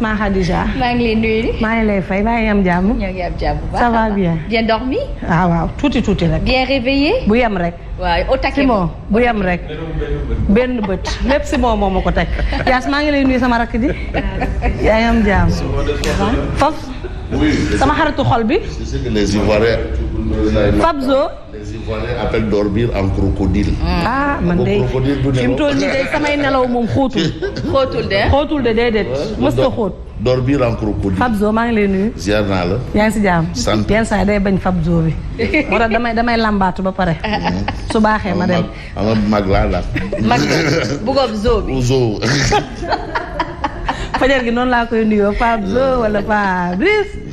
maa Khadija. maa ngi lay nuyu. maa ngi lay fay maa ngi am jàmm. ñoo ngi am jàmm bu baax ça va bien. bien dormi. ah waaw tuuti tuuti rek. bien réveillé. bu yem rek. waaw au taquet Simon bu yem rek. benn bët lépp Simon moo ma ko teg. Yaas maa ngi lay nuyu sama rakk ji. yaa ngi am jàmm. Faf. sama xaritu xol bi. Fabzo. Ivoiriens appellent dormir en crocodile. ah, ah man de fi mu toll nii de samay nelaw moom xóotul. xóotul de xóotul de déedéet mës nga maa ngi la. yaa ngi si jàmm. sant yenn saa day bañ Fabzo bi. moo tax damay damay ba pare. Mm-hmm. su baaxee ma dem ama mag laa la. mag bëggoon zoo bi fajar gi noonu laa koy nuyoo Fabzo wala Fabrice.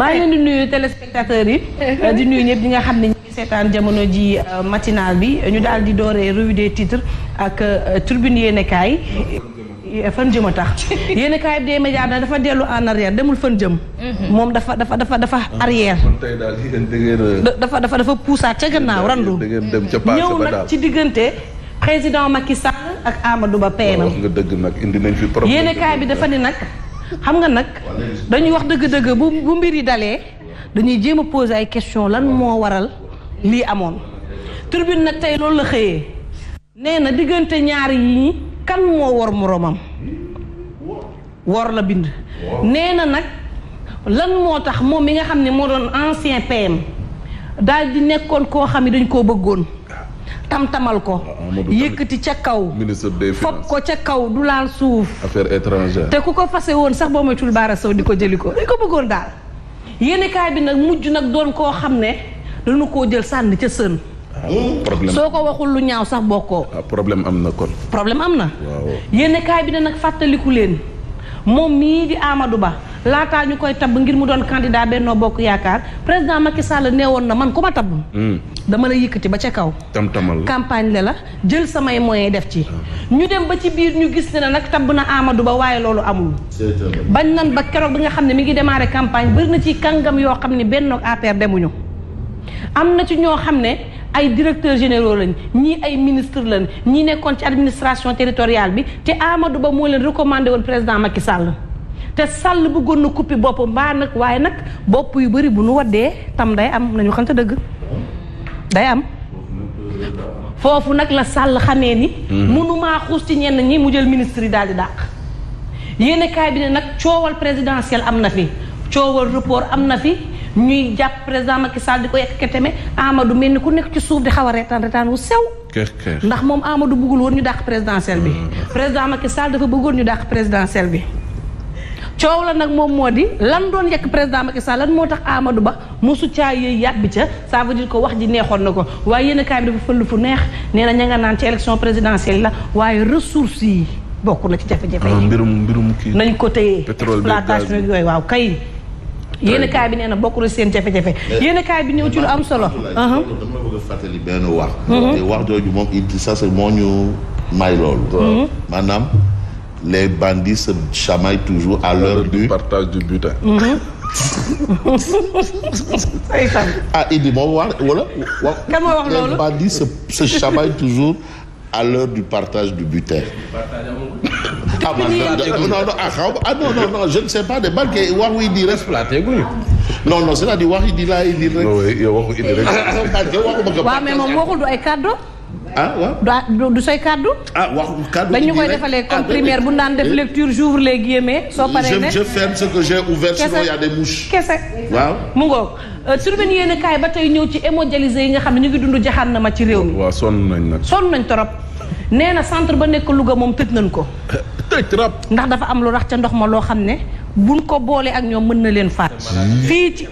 maa ngi leen di nuyu téléspectateurs yi di nuyu ñëpp ñi nga xam ne seetaan jamono ji euh, matinal bi ñu daal di dooree revue des ak euh, turbine yéenekaay fan jëm a tax yéenekaay bi des médias dafa dellu en demul fan jëm mhm. moom dafa dafa dafa dafa ah, arrière euh, dafa dafa dafa puusaat ca gannaaw randu ñëw nag ci diggante président Macky Sall ak Amadou Ba PM nga dëgg nag indi nañ fi problème yéenekaay bi dafa ni nag xam nga nag dañuy wax dëgg-dëgg bu bu mbir yi dalee dañuy jéem a poser ay question lan moo waral lii amoon tribune nag tey loolu la xëyee nee na diggante ñaar yi kan moo wor moroomam wor la bind nee na nag lan moo tax moom mi nga xam ne moo doon ancien PM daal di nekkoon koo xam ne dañ ko bëggoon tam-tamal ko ah, yëkkati ca kaw fop ko ca kaw du laal suuf affaire étrangère te ku ko fase woon sax boo moytul baara sow di ko jëli ko dañ ko bëggoon daal yéenekaay bi nag mujj nag doon koo xam ne dañu ko jël sànni ca sën ah, soo ko waxul lu ñaaw sax bokkoo ah, problème am na kon problème am na yéenekaay bi ne nag fàttaliku leen moom mii di Amadou Ba laataa ñu koy tabb ngir mu doon candidat Benno Bokk Yaakaar président Macky Sall nee woon na man ku ma tabb hmm. dama la yëkkati ba ca kaw. tam tamal campagne la jël samay moyens def ci. ñu dem ba ci biir ñu gis ne ne nag tab na amadu Ba waaye loolu amul. bañ nan ba keroog bi nga xam ne mi ngi démarré campagne bari na ci kàngam yoo xam ne benn APR demuñu. am na ci ñoo xam ne ay directeurs généraux lañ ñii ay ministres lañ ñi nekkoon ci administration territoriale bi te amadu Ba moo leen recommandé woon président Macky sàll te Sall bëggoon na kuppi bopp mbaa nag waaye nag bopp yu bari bu nu waddee tam day am nañu xam te dëgg. day am foofu nag la sàll xamee ni mhm. mënumaa xuus ci ñenn ñi mu jël ministre yi daal di dàq yéene kaay bi ne nag coowal présidentiel am na fi coowal report am na fi ñuy jàpp président Macky Sall di ko yekketeeme Amadou mel ni ku nekk ci suuf di xaw a reetaan reetaan wu sew ndax moom amadu bëggul woon ñu dàq présidentiel bi mhm. président Macky Sall dafa bëggoon ñu dàq présidentiel bi coow la nag moom moo di lan doon yekk président Macky Sall lan moo tax Amadou Ba mosu caa yëy yàbbi ca ça veut ko wax ji neexoon na ko waaye yéen a kaay bi dafa fu neex nee na ña nga naan ci élection présidentielle la waaye ressources yi bokk na ci jafe-jafe yi. Ah, mbirum mbirum kii nañ ko téye exploitation yooyu waaw kay. yéen kaay bi na bokk na seen jafe-jafe. yéen kaay bi ñëw ci lu am solo. dama bëgg a fàttali benn wax. Mhm. te wax jooju moom it ça moo ñu may loolu. Mhm. maanaam. les bandits se chamaillent toujours à l'heure du partage du butin. Hein. Mm -hmm. ah, il dit, bon, voilà. Les bandits se, chamaillent toujours à l'heure du partage du butin. ah, non, non, ah, ah, ah, non, non, non, je ne sais pas des balles que où dit reste Non, non, c'est là, dit dit là, il dit. Oui, il dit. Ah, ouais, mais mon moro hein. doit être cadeau ah waaw du say cadeau ah wax cadeau dañu koy defalee ah, comme primaire bu daan def eh, lecture j'ouvre les guillemets. so paré ne je ferme ce que j'ai ouvert sinon y a des mouches. kese waaw mu ngoog. Euh, survenu yene kay batay ñew ci émodialiser yi nga xamni ñu ngi dund jaxannama ci réew mi. waaw sonn nañ nak son nañ trop. nee centre ba nekk Louga mom tëj nañ ko. tëj trop. ndax dafa am lu rax ca ndox ma lo xamné buñ ko bolé ak ñom mën na leen faat. fi ci.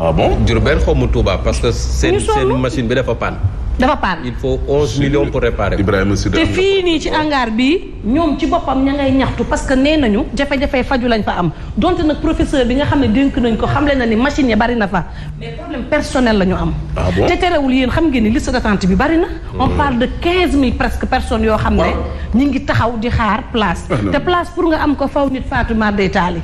ah bon Diourbel xaw ma Touba parce que. seen seen machine bi dafa panne dafa paan il faut 11 millions pour réparer Ibrahima si te fii nii ci hangar bi ñoom ci boppam ña ngay ñaxtu parce que nee nañu jafe-jafe faju lañ fa am donte nag professeur bi nga xam ne dénk nañ ko xamle na ni machine yi bari na fa mais problème personnel la ñu am ah te terewul yéen xam ngeen ni liste d'attente bi bari na on hmm. parle de quinze mille presque personnes yoo xam ne ñi ngi taxaw di xaar place ah te place pour nga am ko faw nit Fatou Mar day taali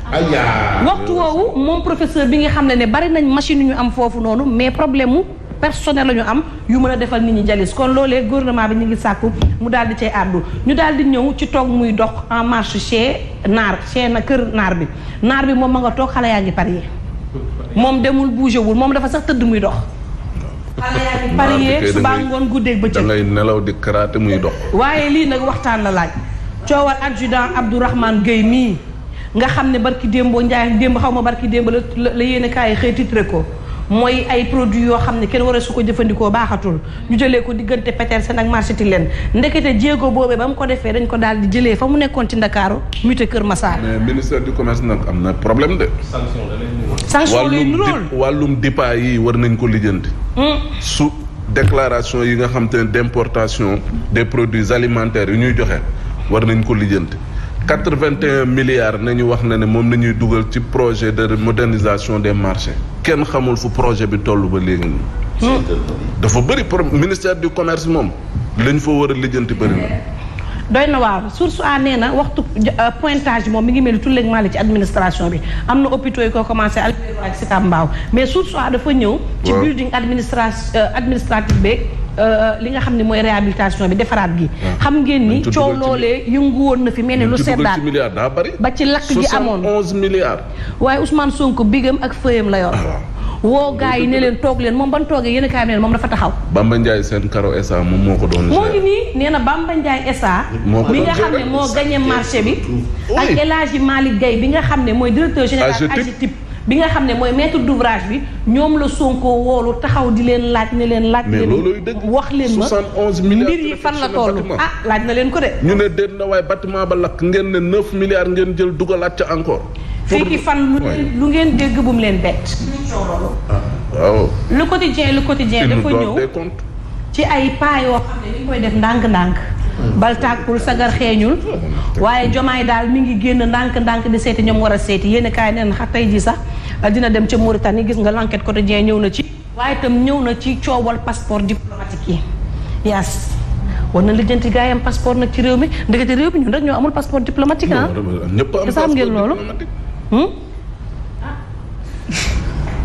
waxtu woowu moom professeur bi nga xam ne ne bari nañ machine ñu am foofu noonu mais problème personnel la ñu am yu mën a defal nit ñi dialyse kon loolee gouvernement bi ñu ngi sàkku mu daal di cay àddu ñu daal di ñëw ci toog muy dox en marché chez naar chez na kër naar bi naar bi moom ma nga toog xale yaa ngi parier moom demul bougé wul moom dafa sax tëdd muy dox xale yaa ngi parier subaa ngoon guddeeg bëccëg da ngay nelaw di karaate muy dox waaye lii nag waxtaan la laaj coowal adjudant Abdourahmane Gueye nii nga xam ne barki démboo Ndiaye démb xaw ma barki démb la la yéene kaay xëy titre ko mooy ay produits yoo xam ne kenn war su ko jëfandikoo baaxatul ñu jëlee ko diggante Petersen nag marché ti Tilène ndekete jéego boobee ba mu ko defee dañ ko daal di jëlee fa mu nekkoon ci Ndakaaru muté Kër Massar. mais ministère du commerce am na problème de. sanction lay nuróol wàllum départ yi war nañ ko lijjanti. Hmm. su déclaration yi nga xam te ne d' importation des produits alimentaires yi ñuy joxee war nañ ko lijjant quatre-vingt-un milliards nañu wax na ne moom nañuy dugal ci projet de modernisation des marché kenn xamul fu projet bi toll ba léegi nii dafa bëri pro ministère du commerce moom lañ fa war a lijjanti bëri na doy na waar sur a nee na waxtu euh, pointage moom mi ngi mel ni tulleeg maale ci administration bi am na hôpitaux yi ko commencé Albert ak Sicap mbaaw mais source a dafa ñëw ci building euh, administrative beeg Euh, li nga xam ne mooy réhabilitation bi defaraat gi ah. xam ngeen ni coow loolee yëngu woon na fi mel ne lu seddaat ba ci lakk gi amoon onze milliards waaye Ousmane sunk bigam ak fëyam la yor ah, woo gaa yi ne leen toog leen moom ban toogee yéen a kaay moom dafa taxaw Bamba Ndiaye seen karo SA moom moo ko doon moo ngi nii nee na Bamba Ndiaye SA mi nga xam ne moo gagné marché bi ak El Hadji Malick Gaye bi nga xam ne mooy directeur général AGETIP bi nga xam ne mooy maître d'ouvrage bi ñoom la Sonko woolu taxaw di leen laaj ne leen laaj leen wax leen ma mbir yi fan la toll ah laaj na leen ko de ñu ne déet na waaye bâtiment ba lakk ngeen ne neuf milliards ngeen jël dugalaat ca encore fii fan lu lu ngeen dégg bu mu leen bett ah, waaw le quotidien le quotidien dafa ñëw ci ay pas yoo xam ne ñu koy def ndànk-ndànk bal tàkkul sagar xeeñul waaye jomaay daal mi ngi génn ndànk-ndànk di seeti ñoom war a seeti yéen kaay neen xa tey ji sax dina dem ca Mauritanie gis nga l'enquête quotidien ñëw na ci waaye tam ñëw na ci coowal passeport diplomatique yi yaas war na lijjanti gaayam passeport nag ci réew mi ndekete réew mi ñun rek ñoo amul passeport diplomatique ah xam ngeen loolu hmm?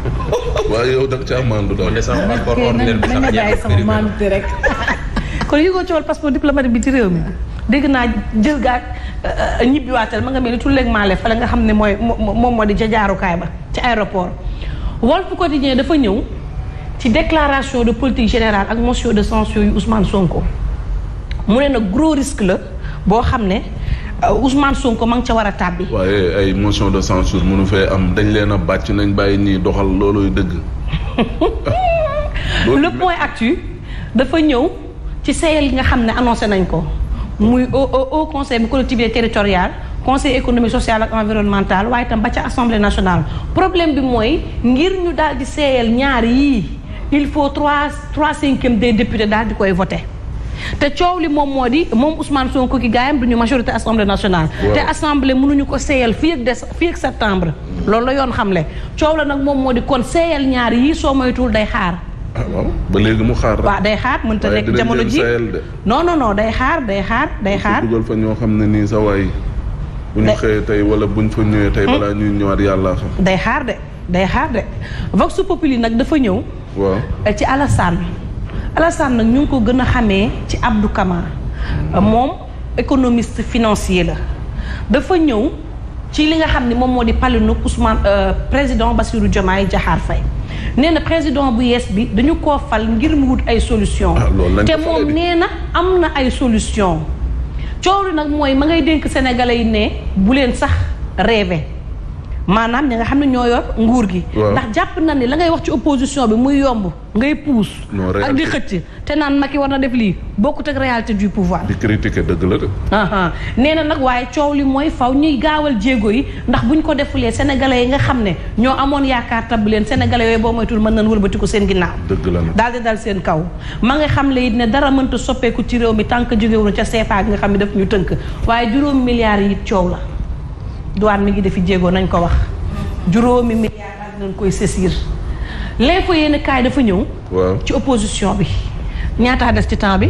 waaye yow da nga caa maandu daal. kon yëgoo coowal passeport diplomatique bi ci réew mi dégg naa jël gaag euh, ñibbiwaatal ma nga mel ni tulleeg maale fa la nga xam ne mooy moom moo di ca jaarukaay ba ci aéroport Walf Quotidien dafa ñëw ci déclaration de politique générale ak motion de censure yu Ousmane Sonko mu ne nag gros risque la boo xam ne euh, Ousmane Sonko ma ngi ca war a tàbbi. waaye ay motion de censure mënu fee am dañ leen a bàcc nañ bàyyi nii doxal loolooy dëgg. le point actu dafa ñëw. ci sayel nga xam ne annoncé nañ ko muy au au conseil bu collectivité territoriale conseil économique social ak environnemental waaye itam ba ca assemblée nationale problème bi mooy ngir ñu daal di seeyal ñaar yii il faut trois trois cinquième des députés daal di koy voté te coow li moom moo di moom Ousmane Sonko ki gaayam ñu majorité assemblée nationale te assemblée mënuñu ko seeyal fii ak des fii ak septembre loolu la yoon xamle coow la nag moom moo di kon seeyal ñaar yii soo moytuwul day xaar ah waaw ba léegi mu xaar. waaw day xaar mënta nekk jamono ji non non day xaar day xaar day xaar. dugal xam ne nii sa waay. bu ñu wala bu ñu fa ñëwee tey hmm? day xaar de day xaar de vox nag dafa ñëw. waaw eh, ci Alassane. Alassane nag ñu ngi ko gën a xamee ci Abdou Kama. moom économiste financier la. dafa ñëw ci li nga xam ne moom moo di palinu Ousmane euh, président Bassirou Diomaye Diakhar fay nee na président bu yees bi dañu koo fal ngir mu wut ay solution ah, te moom nee na am na ay solution coow nag mooy ma ngay dénk sénégal yi ne bu leen sax rêver maanaam ñi xam ne ñoo yor nguur gi ndax jàpp na ni la ngay wax ci opposition bi muy yomb ngay puus ak di xëcc te naan yi war na def lii bokkut ak réalité du pouvoir di critiquer dëgg la de nee na nag waaye coow li mooy faw ñuy gaawal jéego yi ndax buñ ko defulee sénégalais yi nga xam ne ñoo amoon yaakaar tabb leen sénégalais yooyu boo moytul mën nañ wëlbatiku seen ginnaaw dëgg la daal dal seen kaw ma nga xam le it ne dara mënta soppeeku ci réew mi tànk jógewuñu ca CFA nga xam ne daf ñu tënk waaye juróom milliards yit coow la douane mi ngi defi jéego nañ ko wax juróomi milliards daal dinañ koy saisir l'info yéen kaay dafa ñëw. ci opposition bi ñaataa des ci temps bi.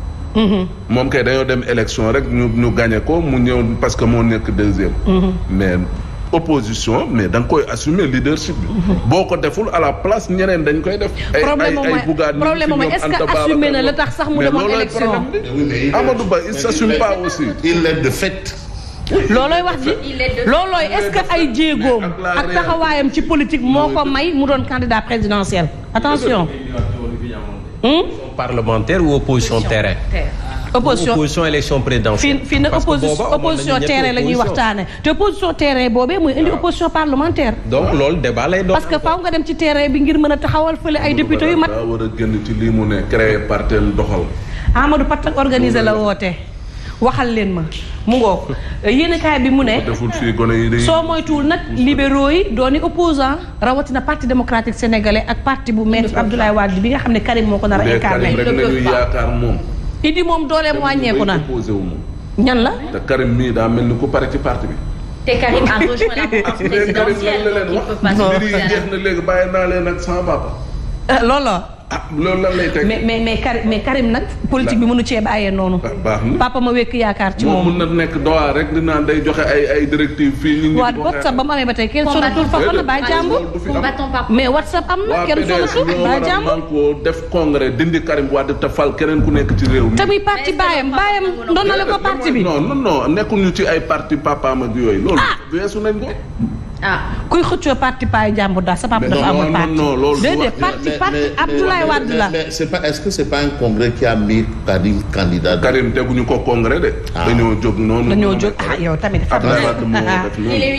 mom mm-hmm. kay dañu dem élection rek ñu ñu gagné ko mu ñëw parce que mo nek deuxième. Mm-hmm. mais opposition mais da koy assumer leadership bi. Mm-hmm. boo ko deful à la place ñeneen dañ koy def. ay ay ay bugaat problème moom est-ce que assumer na la tax sax mu demoon élection Amadou Ba il s'assume pas aussi. il est de fait. loloy wax di. loloy est-ce que ay jéegoom ak taxawayam ci politique moko may mu don candidat présidentiel attention. opposition parlementaire ou opposition terrain. opposition opposition élection présidentielle. fii fii nag opposition terrain la ñuy waxtaane te opposition terrain boobee muy indi opposition parlementaire. donc loolu débat lay doon. parce que faaw nga dem ci terrain bi ngir mën a taxawal fële ay député yu mat. daa war a organisé la woote. waxal leen man mu ngoog yéenekaay bi mu ne soo moytuwul nag libéraux yi dooni opposant rawatina parti démocratique sénégalais ak parti bu maître Abdoulaye Wade bi nga xam ne Karim moo ko nar a incarné Idi moom dooleem wàññeeku na ñan la te Karim mii daa mel ni ku pare ci parti bi te Karim a la mouvance présidentielle il peut pas naa leen ak sama ah loolu lan lay mais mais mais Karim nag. politique bi mënu cee bàyyee noonu. Ah, baax na papa ma wekk yaakaar ci moom. moom mun na nekk doa rek dinaa day joxe ay ay directives fii. ñu ngi ba mu amee ba tey kenn sonatul fa kon baa jàmbur. mais WhatsApp am na kenn sonatul baa jàmbur. waa def congrès dindi Karim Wade te fal keneen ku nekk ci réew mi. tamit parti baayam baayam doon na la ko parti bi. non non nekkuñu ci ay parti papaam ak yooyu. loolu ah! weesu nañ ko. ah kuy xëccoo parti paay jàmbur daal sa papa dafa amul parti non loolu déedéet parti parti Abdoulaye la c'est pas est pas un congrès qui a mis Karim candidat Karim teguñu ko congrès de ah. dañoo jóg noonu dañoo jóg ah yow tamit xam nga ah.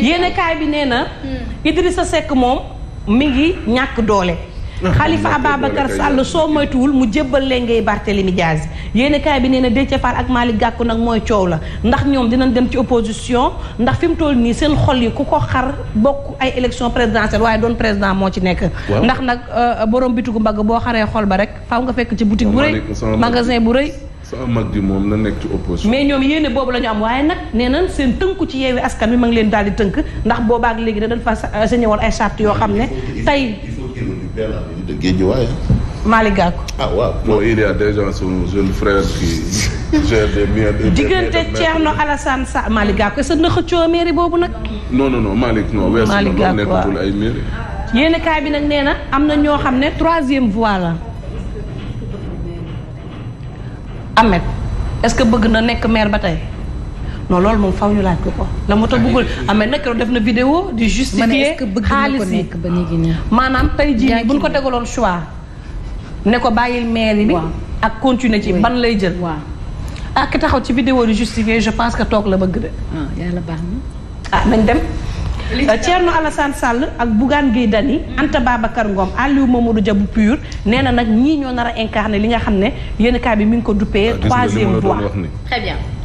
yéen kaay bi nee na hmm. sa Seck moom mi ngi ñàkk doole Khalifa Ababacar Sall soo moytuwul mu jébbal leen ngay Barthélemy Diaz yéen kaay bi nee na Déthié Fall ak maali Gakou nag mooy coow la ndax ñoom dinañ dem ci opposition ndax fi mu toll nii seen xol yi ku ko xar bokk ay election présidentielle waaye doon président moo ci nekk ndax nag euh, euh, borom bitigu mbagg boo xaree xol ba rek faaw nga fekk ci boutique bu rëy magasin bu rëy sama mag mais ñoom yéene boobu la ñu am waaye nag nee nañ seen tënku ci yeewi askan wi ma ngi leen daal di tënk ndax boobaak léegi da dañ fa sañewoon euh, ay charte yoo xam ne tey bien la ligne de Guédiawaye. Malick Gakou. ah waaw non il y diggante Thierno Alassane Sall Malick Gakou est-ce xëccoo mairie boobu nag. non non non Malick non. Malick Gakou weesu na nekkatul ay mairie. yéen kaay bi nag nee na am na ñoo xam ne troisième voie la. Ahmed est-ce que bëgg na nekk maire ba tey. non loolu moom faw ñu laaj ko ko la moo tax ah, bëggul amee ah, nekk def na vidéo di justifier xaalis yi maanaam tey jii buñ ko tegaloon choix ne ko bàyyil mairie bi ak continuer ci ban lay jël ak ah, taxaw ci vidéo di justifier je pense que toog la bëgg de yàlla baax na ah nañ dem euh, Thierno Alassane Sall ak Bougane Gueye Dany hmm. Anta Babacar Ngom Aliou Mamadou Dia bu pur nee na nag ñii ñoo nar a incarné li nga xam ne yéen bi mi ngi ko duppee troisième voie très bien